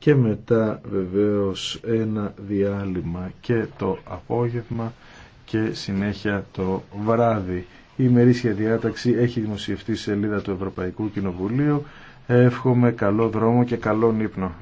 και μετά βεβαίως ένα διάλειμμα και το απόγευμα και συνέχεια το βράδυ. Η ημερήσια διάταξη έχει δημοσιευτεί σελίδα του Ευρωπαϊκού Κοινοβουλίου. Εύχομαι καλό δρόμο και καλό ύπνο.